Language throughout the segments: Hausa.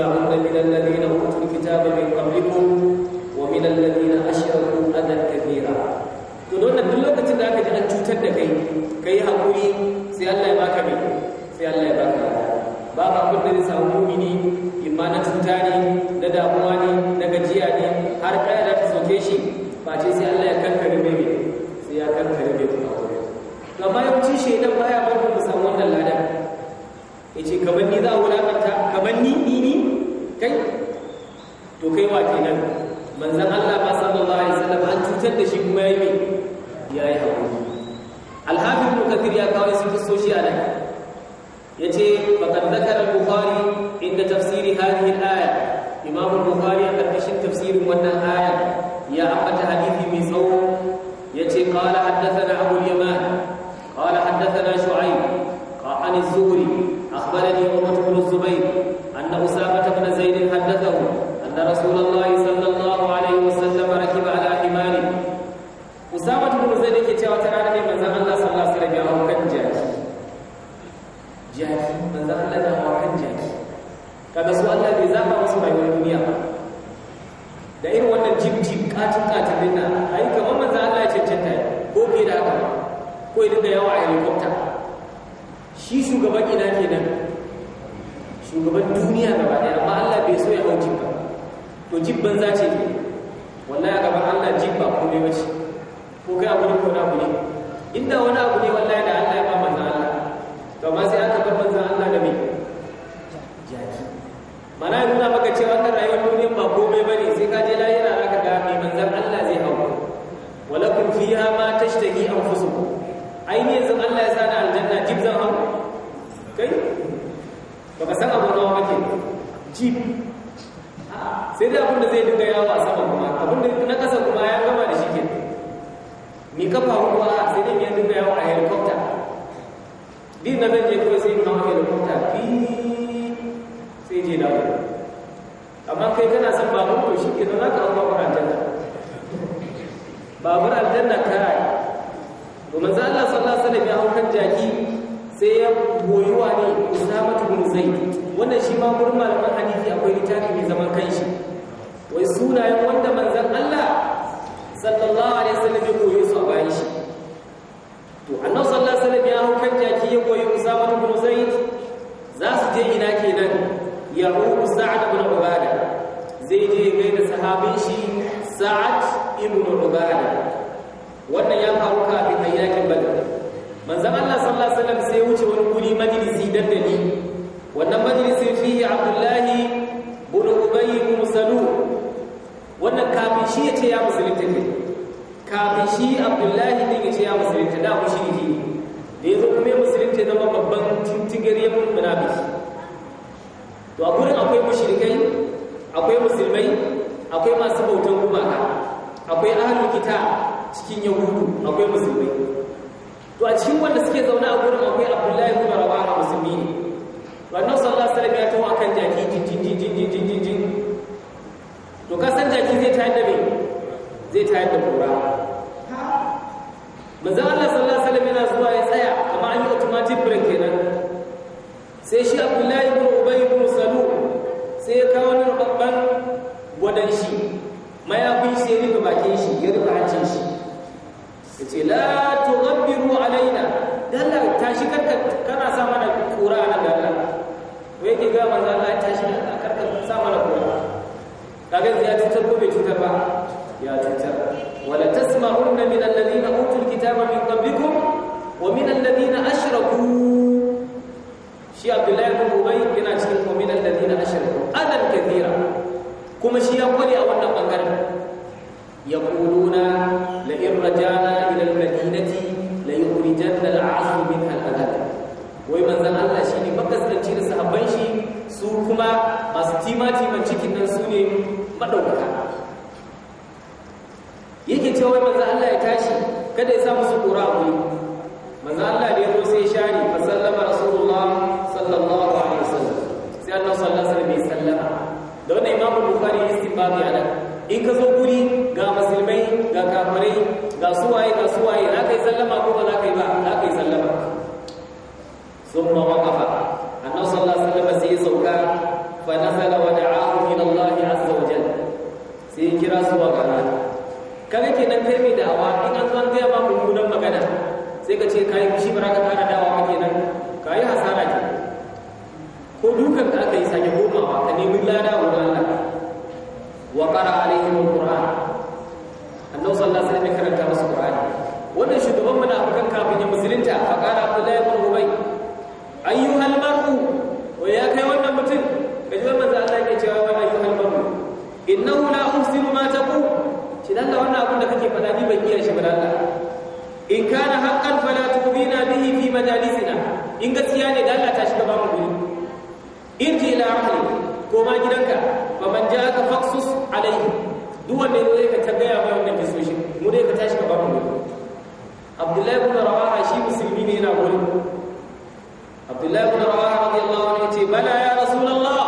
لتبعن من الذين اوتوا الكتاب من قبلكم ومن الذين اشركوا اذى da an cutar da kai, ka yi haƙuri sai Allah ya ثور يتي قال حدثنا أبو اليمان قال حدثنا شعيب عن الزهري أخبرني عروة بن الزبير أن أسامة بن زيد حدثه أن رسول الله da yawa a helikwafta shi shugaban ina ke nan shugaban duniya gaba daya amma Allah bai so ya hau jibba to jibban za ce ne wallahi a gaban Allah jibba ko bai wace ko kai abu ne ko na abu ne inda wani abu ne wallahi da Allah ya ba fita cikin yahudu akwai musulmai to a cikin wanda suke zaune a gurin akwai abdullahi rawa rawaha musulmi ne wannan sallallahu alaihi wasallam ya tawo akan jaki jin to kasan san jaki zai tayar da me zai tayar da kura manzo Allah sallallahu alaihi wasallam yana zuwa ya tsaya amma an yi automatic break kenan sai shi abdullahi ibn ubay ibn salul sai ya kawo wani babban gwadan shi mayafin sai rufe bakin shi ya rufe hancin shi ya ce la tughbiru alaina dalla tashi karka kana sa mana kura na dalla to yake ga manzo Allah tashi karka sa mana kura kaga ya cutar ko bai cutar ba ya cutar wala tasma'unna min alladhina utul kitaba min qablikum wa min alladhina ashraku shi Abdullahi kuma shi ya kware a wannan bangaren yaquluna la in rajana ila al-madinati la yukhrijanna al-'azm minha al-adab wai manzon Allah shine makasanci da sahabban shi su kuma masu timati man cikin nan su ne madaukaka yake cewa wai manzon Allah ya tashi kada ya sa musu kura a wuri manzon Allah da ya zo sai shari fa sallama babu yana in ka zo guri ga musulmai ga kafirai ga suwaye ga suwaye za ka yi sallama ko ba za ka yi ba za ka yi sallama sun ma waƙafa annabi sallallahu alaihi wasallam sai ya sauka fa nazala wa da'ahu ila Allah azza wa jalla sai kira su wa kana kaga kenan kai mai da'awa in an zan gaya ma mummunan magana sai ka ce kai shi baraka kana dawa ka kenan kai hasara ke ko dukan ka aka yi sake komawa ka nemi lada wa Allah wa qara alaihim alquran annabi sallallahu alaihi wasallam ya karanta musu qur'ani wannan shugaban abokan kafin ya musulunta fa qala abdullahi ibn An ayyuhal mar'u wa ya kai wannan mutum kaji wannan manzo Allah yake cewa wa ayyuhal mar'u innahu la uhsinu ma ku? shi dan wannan abun da kake faɗa ni ban iya shi ba Allah in kana haqqan fala tubina bihi fi majalisina in gaskiya ne da Allah ta shiga ba mu guri ji ila ahli ko ma gidanka fa man ja'aka faqsus alayhi duk wanda yayi ka tambaya mai wannan kisoshin mu dai ka tashi ka ba mu Abdullahi ibn Rawaha shi musulmi ne yana gurin Abdullahi ibn Rawaha radiyallahu anhu yace bala ya rasulullah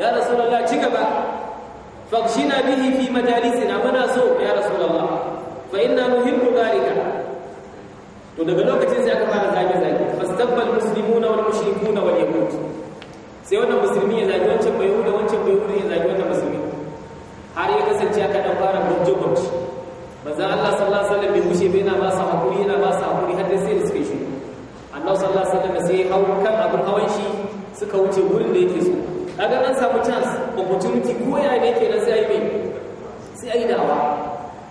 ya rasulullah ci gaba faqshina bihi fi majalisina muna so ya rasulullah fa inna nuhibbu dhalika to daga lokacin sai aka fara zage zage fastabal muslimuna wal mushrikuna wal yahud sai wannan musulmi ya zagi wancan bai huda wancan bai huda ya zagi wannan musulmi har ya kasance aka dan fara gwamce gwamce manzo Allah sallallahu alaihi wasallam bai kushe bai na ba sa hakuri yana ba sa hakuri har dai sai da suke shi Allah sallallahu alaihi wasallam sai hau kan abin hawan shi suka wuce wurin da yake so kaga an samu chance opportunity ko ya ne kenan sai ai mai sai ai dawa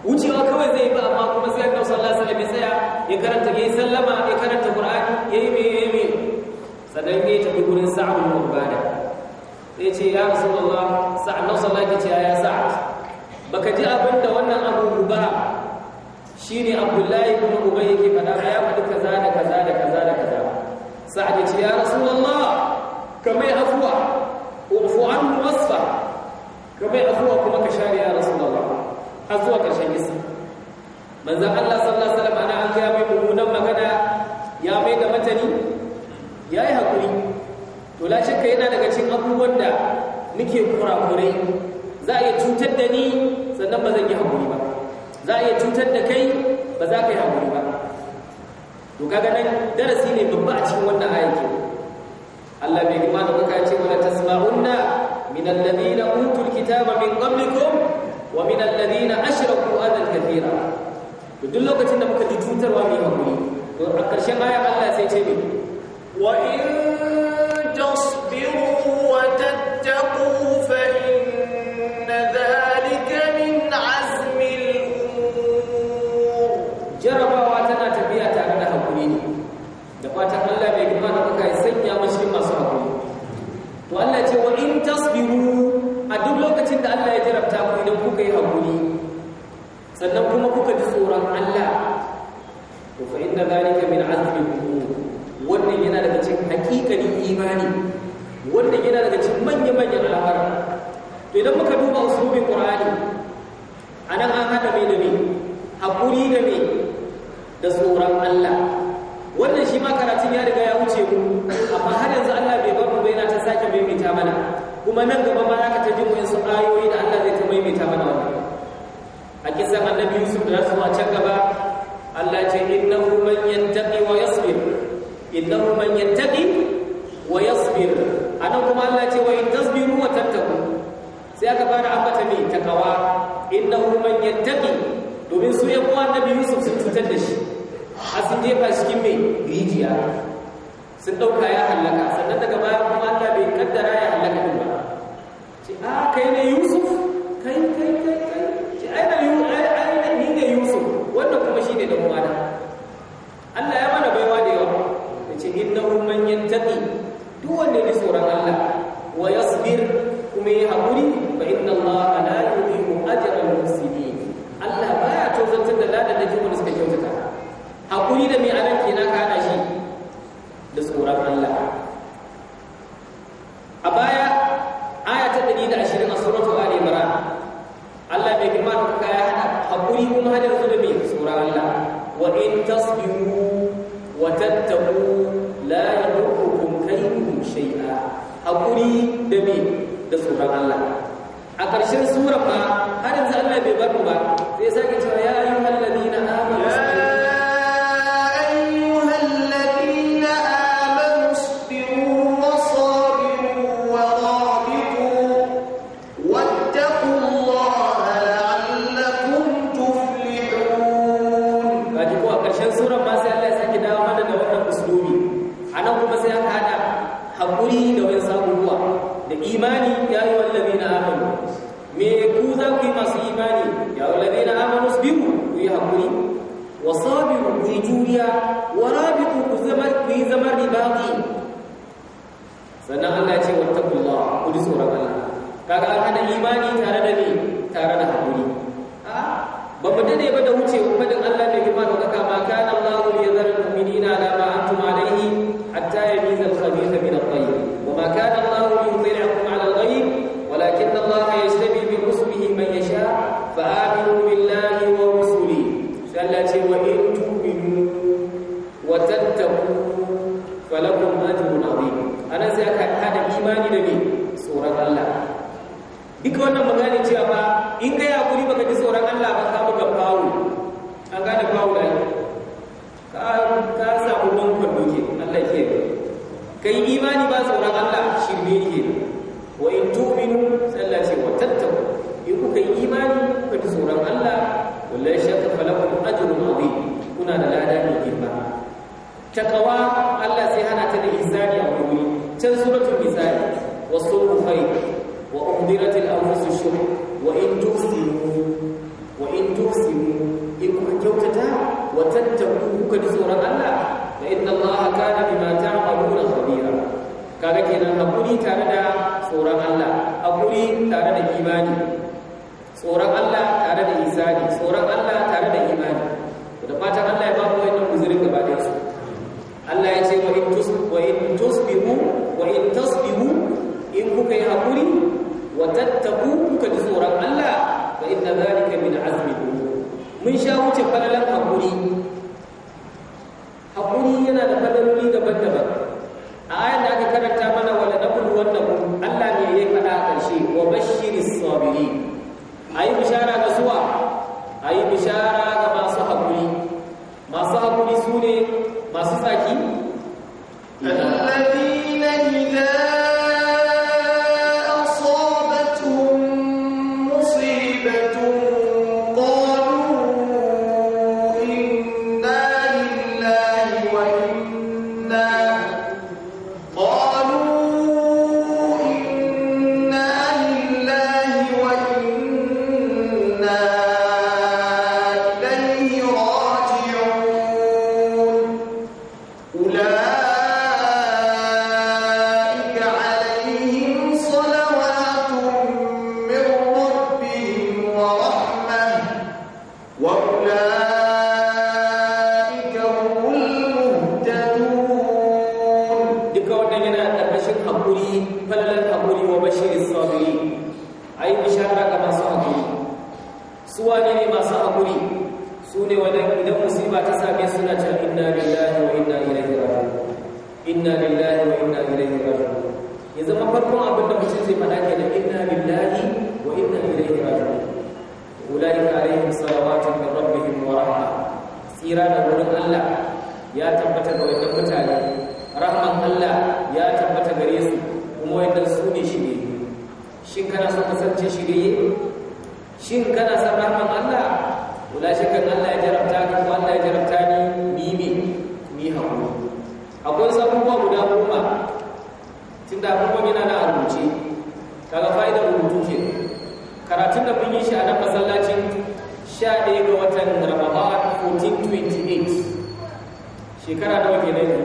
wucewa kawai zai ba amma kuma sai Allah sallallahu alaihi wasallam ya tsaya ya karanta ya sallama ya karanta Qur'ani yayi mai yayi sannan ya tafi gurin sa'ad bin ubada sai ce ya rasulullah sa'ad nan sallah ce ya sa'ad baka ji abin da wannan abu ba shine abdullahi ibn ubay yake fada ba ya faɗi kaza da kaza da kaza da kaza sa'ad ya ce ya rasulullah kamai afwa ufu an wasfa kamai afwa kuma ka share ya rasulullah har zuwa ƙarshen isa manzon Allah sallallahu alaihi wasallam ana an ga mummunan magana ya mai da matani ya yi haƙuri to la shakka yana daga cin abubuwan da nake kurakurai za a iya cutar da ni sannan ba zan yi haƙuri ba za a iya cutar da kai ba za ka yi haƙuri ba to kaga nan darasi ne babba a cikin wannan ayati Allah bai gima da kuka ce wala tasma'unna min alladhina utul kitaba min qablikum wa min alladhina ashraku adan kathira to duk lokacin da muka ji cutarwa mai haƙuri to a ƙarshen aya Allah sai ce mai sannan kuma kuka ji tsoron Allah to fa inna zalika min azmi yana daga cikin hakikalin imani wannan yana daga cikin manya-manyan al'amara to idan muka duba usulubin qur'ani anan an hada mai da me hakuri da me da tsoron Allah wannan shi ma karatun ya riga ya wuce mu amma har yanzu Allah bai bar mu bai yana ta sake maimaita mana kuma nan gaba ma za ka ta jin wayansu ayoyi da Allah zai ta maimaita mana wannan a kisan annabi Yusuf da rasu a can gaba Allah ce innahu man yantaqi wa yasbir innahu man yattaqi wa yasbir anan kuma Allah ce wa in tasbiru wa tattaqu sai aka fara ambata mai takawa innahu man yattaqi domin su yan uwa Annabi Yusuf sun cutar da shi a sun je ka cikin mai rijiya sun dauka ya halaka sannan daga baya kuma Allah bai kaddara ya halaka ba ce a kai ne Yusuf kai kai kai kai ce ai na yi ai ne Yusuf wannan kuma shine dan uwana Allah ya yattaqu man yattaqi duk wanda ya tsoron Allah wa yasbir kuma ya haƙuri fa inna Allah la yudhi'u ajra al-muhsinin Allah baya tozantar da ladan da jama'a suka kyautata hakuri da mai anan kaga an hada imani tare da ni tare da hakuri ba mu dade ba da wuce umadin Allah mai girma da kaka ma kana Allahu liyadhara al-mu'minina ala ma antum alayhi hatta yamiza al-khabitha min at-tayyib wa ma kana Allahu liyudhi'akum ala al-ghayb walakin Allah yajtabi bi ruslihi man yasha fa aminu billahi wa rusulihi sallati wa in tu'minu wa tattaqu falakum ajrun 'azim Ana sai ka hada imani da ni. gaba in kai hakuri baka ji tsoron Allah ba ka buga fawo an gane fawo da ka ka samu bankon doke Allah ke kai imani ba tsoron Allah shirme ke wa in tu'minu sallah wa tattaku in kuka yi imani kuka ji tsoron Allah wallahi shakka falakum ajrun azim kuna da lada girma takawa Allah sai hana ta da izani a wuri can suratul misali wasu kufai wa umdiratil wa tattaku kuka ji tsoron Allah fa inna Allah kana bima ta'maluna khabira kaga kenan hakuri tare da idan musiba ta same suna cewa inna lillahi wa inna ilaihi raji'un inna lillahi wa inna ilaihi raji'un ya zama farkon abin da mutum zai faɗa ke da inna lillahi wa inna ilaihi raji'un ulaika alaihim salawatu min rabbihim wa rahma tsira da wurin Allah ya tabbata ga wannan mutane rahman Allah ya tabbata gare su kuma wannan su ne shi ne. shin kana son kasance shi ne shin kana son rahman Allah wala shakkan Allah ya jarabta ka kuma Allah ya jarabta ni ni ne ni hakuri akwai ba guda goma tunda kuma yana na rubuce kaga fa'idar rubutu ce karatun da mun yi shi a nan masallacin 11 ga watan Ramadan 1428 shekara nawa kenan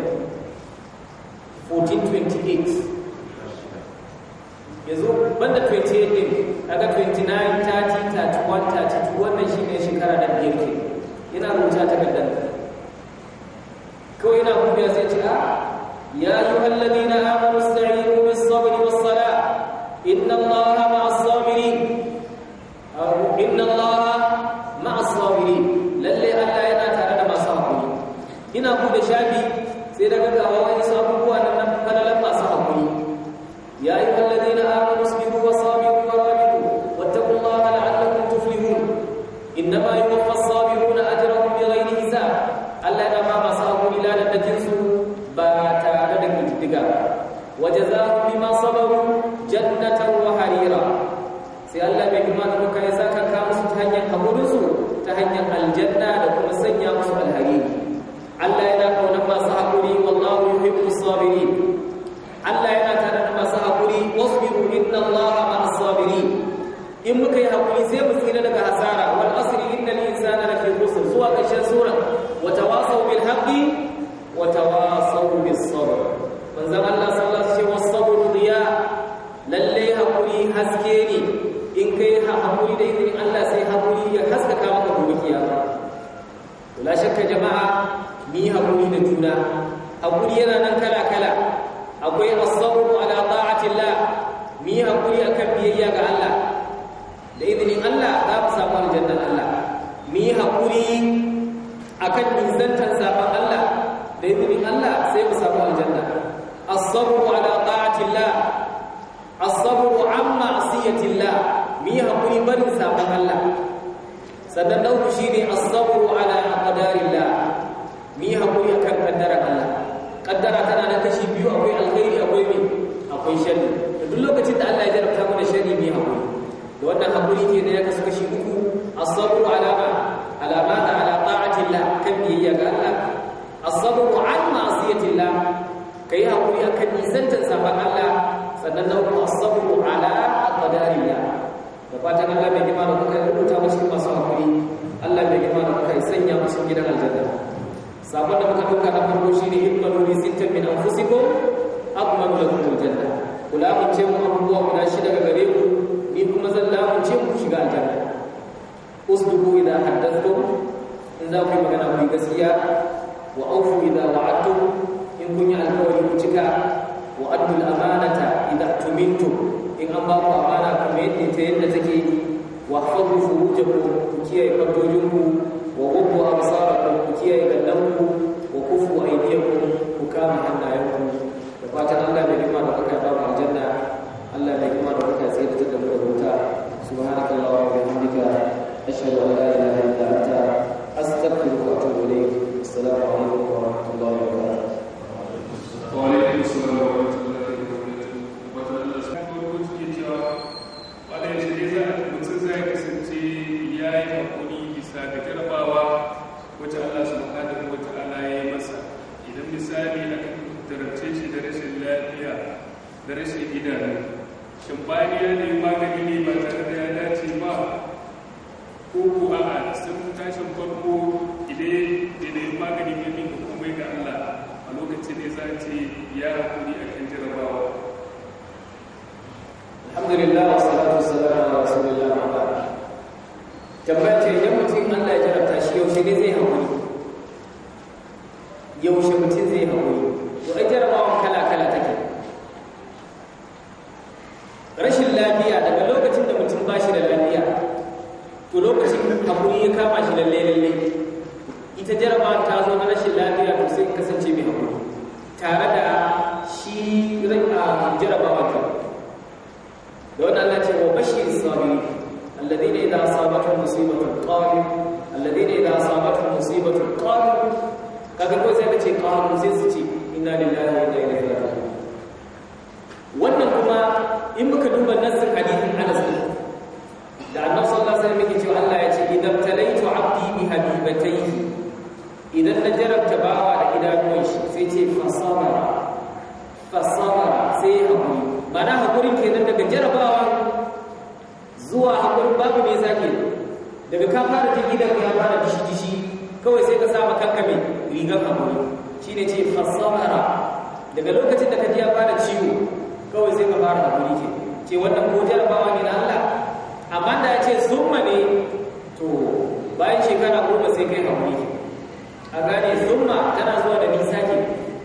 1428 yanzu banda 28 din kaga 29 30 31 32 wannan shine shekara da biyar ke yana rubuta takardar kawai yana kuma sai ce a ah, ya ayyuhal ladina amanu ista'inu Allah bai girma da muka ya saka ka musu ta hanyar haƙurinsu ta hanyar aljanna da kuma sanya musu alhari Allah yana kauna masu haƙuri wallahu yuhibbu sabirin Allah yana tare da masu haƙuri wasbiru inna Allah ma'as sabirin in muka yi haƙuri sai mu tsira daga hasara akan nisantar sabon Allah da izinin Allah sai mu samu aljanna as-sabru ala ta'atillah as-sabru an ma'siyatillah mi hakuri barin sabon Allah sannan dauku shine as-sabru ala qadarillah mi hakuri akan kaddara Allah kaddara tana da kashi biyu akwai alkhairi akwai mi akwai sharri duk lokacin da Allah ya jarabta mu da sharri mi hakuri da wannan hakuri ke ne ya kasu kashi uku as-sabru ala على ماذا على طاعة الله كم هي قال لك a عن معصية الله كي أقول لك أن زنت سبحان الله سنده الصبر على قدر الله Bapak Allah bagaimana kita berbuka puasa masuk ini Allah bagaimana kita isinya masuk kita dalam jadah Sahabat dan kita berbuka dalam berbuka ini Ibn Nuri Sintem bin Al-Fusikum usbiru idza haddathtum in za ku yi magana ku yi gaskiya wa awfu idza wa'adtum in kun yi alƙawari ku cika wa addu al-amanata idza tumintum in an ba ku amana ku yadda ta yadda take wa hafadhu furujakum ku kiyaye fadojinku wa gubbu absarakum ku kiyaye gallanku wa kufu aydiyakum ku kama hannayenku da fatan Allah da rima da kuka ba mu aljanna Allah da rima da kuka tsira da mu da wuta subhanakallah wa bihamdika أشهد أن لا إله إلا أنت أستغفرك وأتوب إليك السلام عليكم ورحمة الله وبركاته وعليكم السلام ورحمة الله za a mutum zai kasance ya yi hakuri bisa da masa idan misali a tarabce shi da rashin lafiya da rashin idanu shin bayan za a ya haƙuri a kan jarabawa alhamdulillah wa salatu salam ala rasulillah wa ba'da tambaya ce mutum Allah ya jarabta shi yaushe ne zai haƙuri yaushe mutum zai haƙuri to ai jarabawan kala kala take rashin lafiya daga lokacin da mutum ba shi da lafiya to lokacin haƙuri ya kama shi lalle lalle ita jarabawan ta tare da shi rika jarabawa ta da wannan Allah ce wa bashir sabiri alladhina idza asabatuhum musibatun qalu alladhina idza asabatuhum musibatun qalu kaga ko sai kace qalu sai su ce inna lillahi wa inna ilaihi raji'un wannan kuma in muka duba nassin daga ka fara jin gidan ya fara dishi-dishi kawai sai ka saba kankame rigar amuri shi ne ce fasara daga lokacin da ka ji ya fara ciwo kawai sai ka fara amuri ke ce wannan ko jarabawa ne na Allah amma da ya ce summa ne to bayan shekara goma sai kai amuri ke a gane summa tana zuwa da nisa ke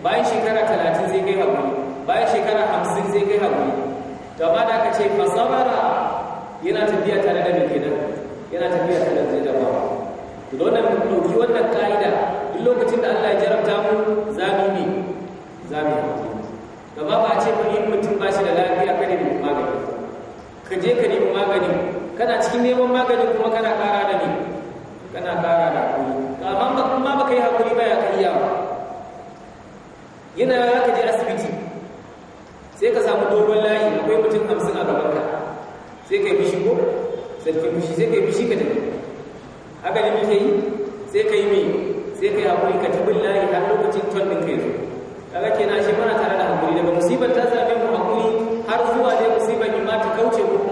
bayan shekara talatin sai kai haƙuri bayan shekara hamsin sai kai haƙuri to amma da aka ce fasara yana tafiya tare da mai kenan yana tafiya kan zai bawa to don nan dauki wannan kaida duk lokacin da Allah ya jarabta mu zami ne zami Gama ba a ce ba in mutum ba shi da lafiya ka nemi magani ka je ka nemi magani kana cikin neman magani kuma kana kara da ne kana kara da hakuri amma kuma ka yi hakuri ba ya kai yawa yana ka je asibiti sai ka samu dogon layi akwai mutum hamsin a gabanka sai ka yi ko. sarki mushi fushi sai kai mushi ka tafi haka ne muke yi sai kai me sai kai hakuri ka tafi lahi har lokacin ton din kai zo kaga kenan shi mana tare da hakuri daga musibar ta same mu hakuri har zuwa dai musibar ma ta kauce mu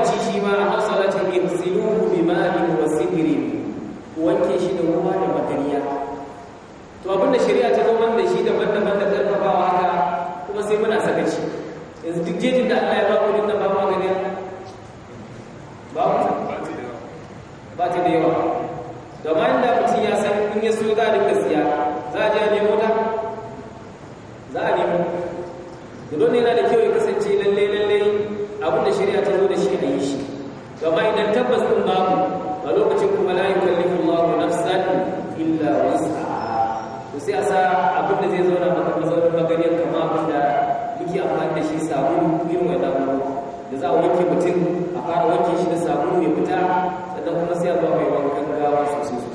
lokaci shi ma a hausa za ta yi siluhu bi ma'in wa sigiri wanke shi da ruwa da magariya to abinda shari'a ta zo da shi da daban da karfafawa haka kuma sai muna sakaci yanzu duk jejin da Allah ya ba ku dinnan ba magariya ba ba ta da yawa domin inda mutum ya san in ya so za a dinga siya za a je a nemo ta za a nemo da don yana da kyau ya kasance lalle lalle abin da shari'a ta zo da shi a yi shi gama idan tabbas din babu a lokacin kuma la yukallifu Allahu nafsan illa wus'aha to sai a sa abin da zai zauna maka mazaunin maganiyar kama abin da muke amfani da shi sabon irin wannan da za a wanke mutum a fara wanke shi da sabon mai fita sannan kuma sai a zo mai wankan gawa sosai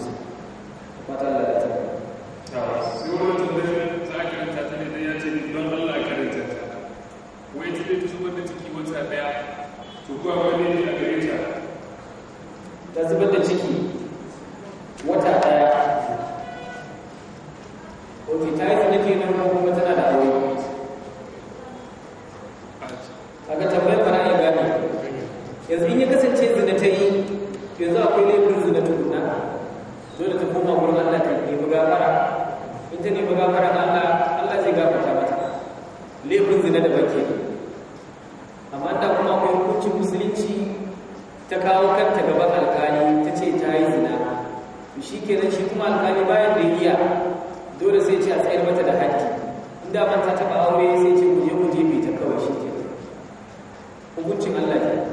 aure sai ce ku je ku ta kawai shi ke hukuncin Allah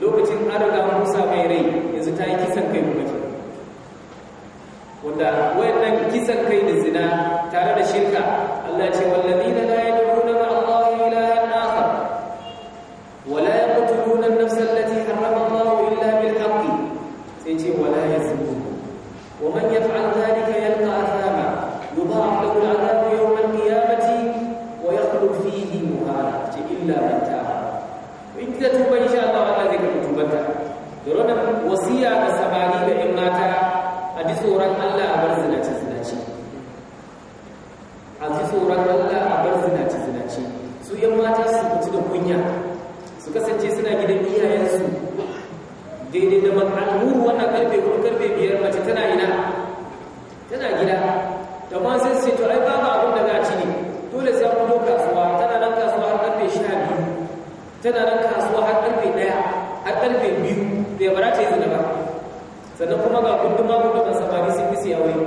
lokacin an riga mun mai rai yanzu ta yi kisan kai kuma ke wanda wayannan kisan kai da zina tare da shirka Allah ce na wallazina la na ma Allah ilahan akhar wa la yaqtuluna an-nafsa allati harrama Allah illa bil haqq sai ce wala yazunun wa man yaf'al da wasiya ga samari ga 'yan mata a ji tsoron Allah a bar zinace-zinace a ji tsoron Allah a bar zinace-zinace su 'yan mata su kuci da kunya su kasance suna gidan iyayensu daidai da al'uru wannan karfe kuma karfe biyar mace tana yi huduma mtu na safari siku se ya wengi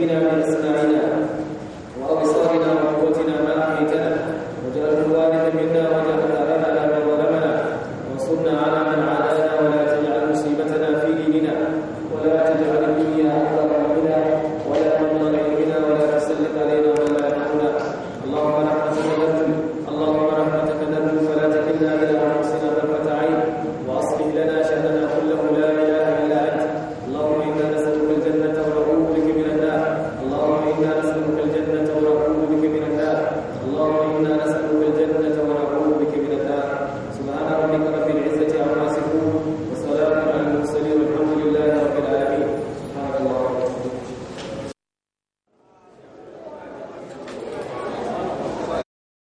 Divina Gracia.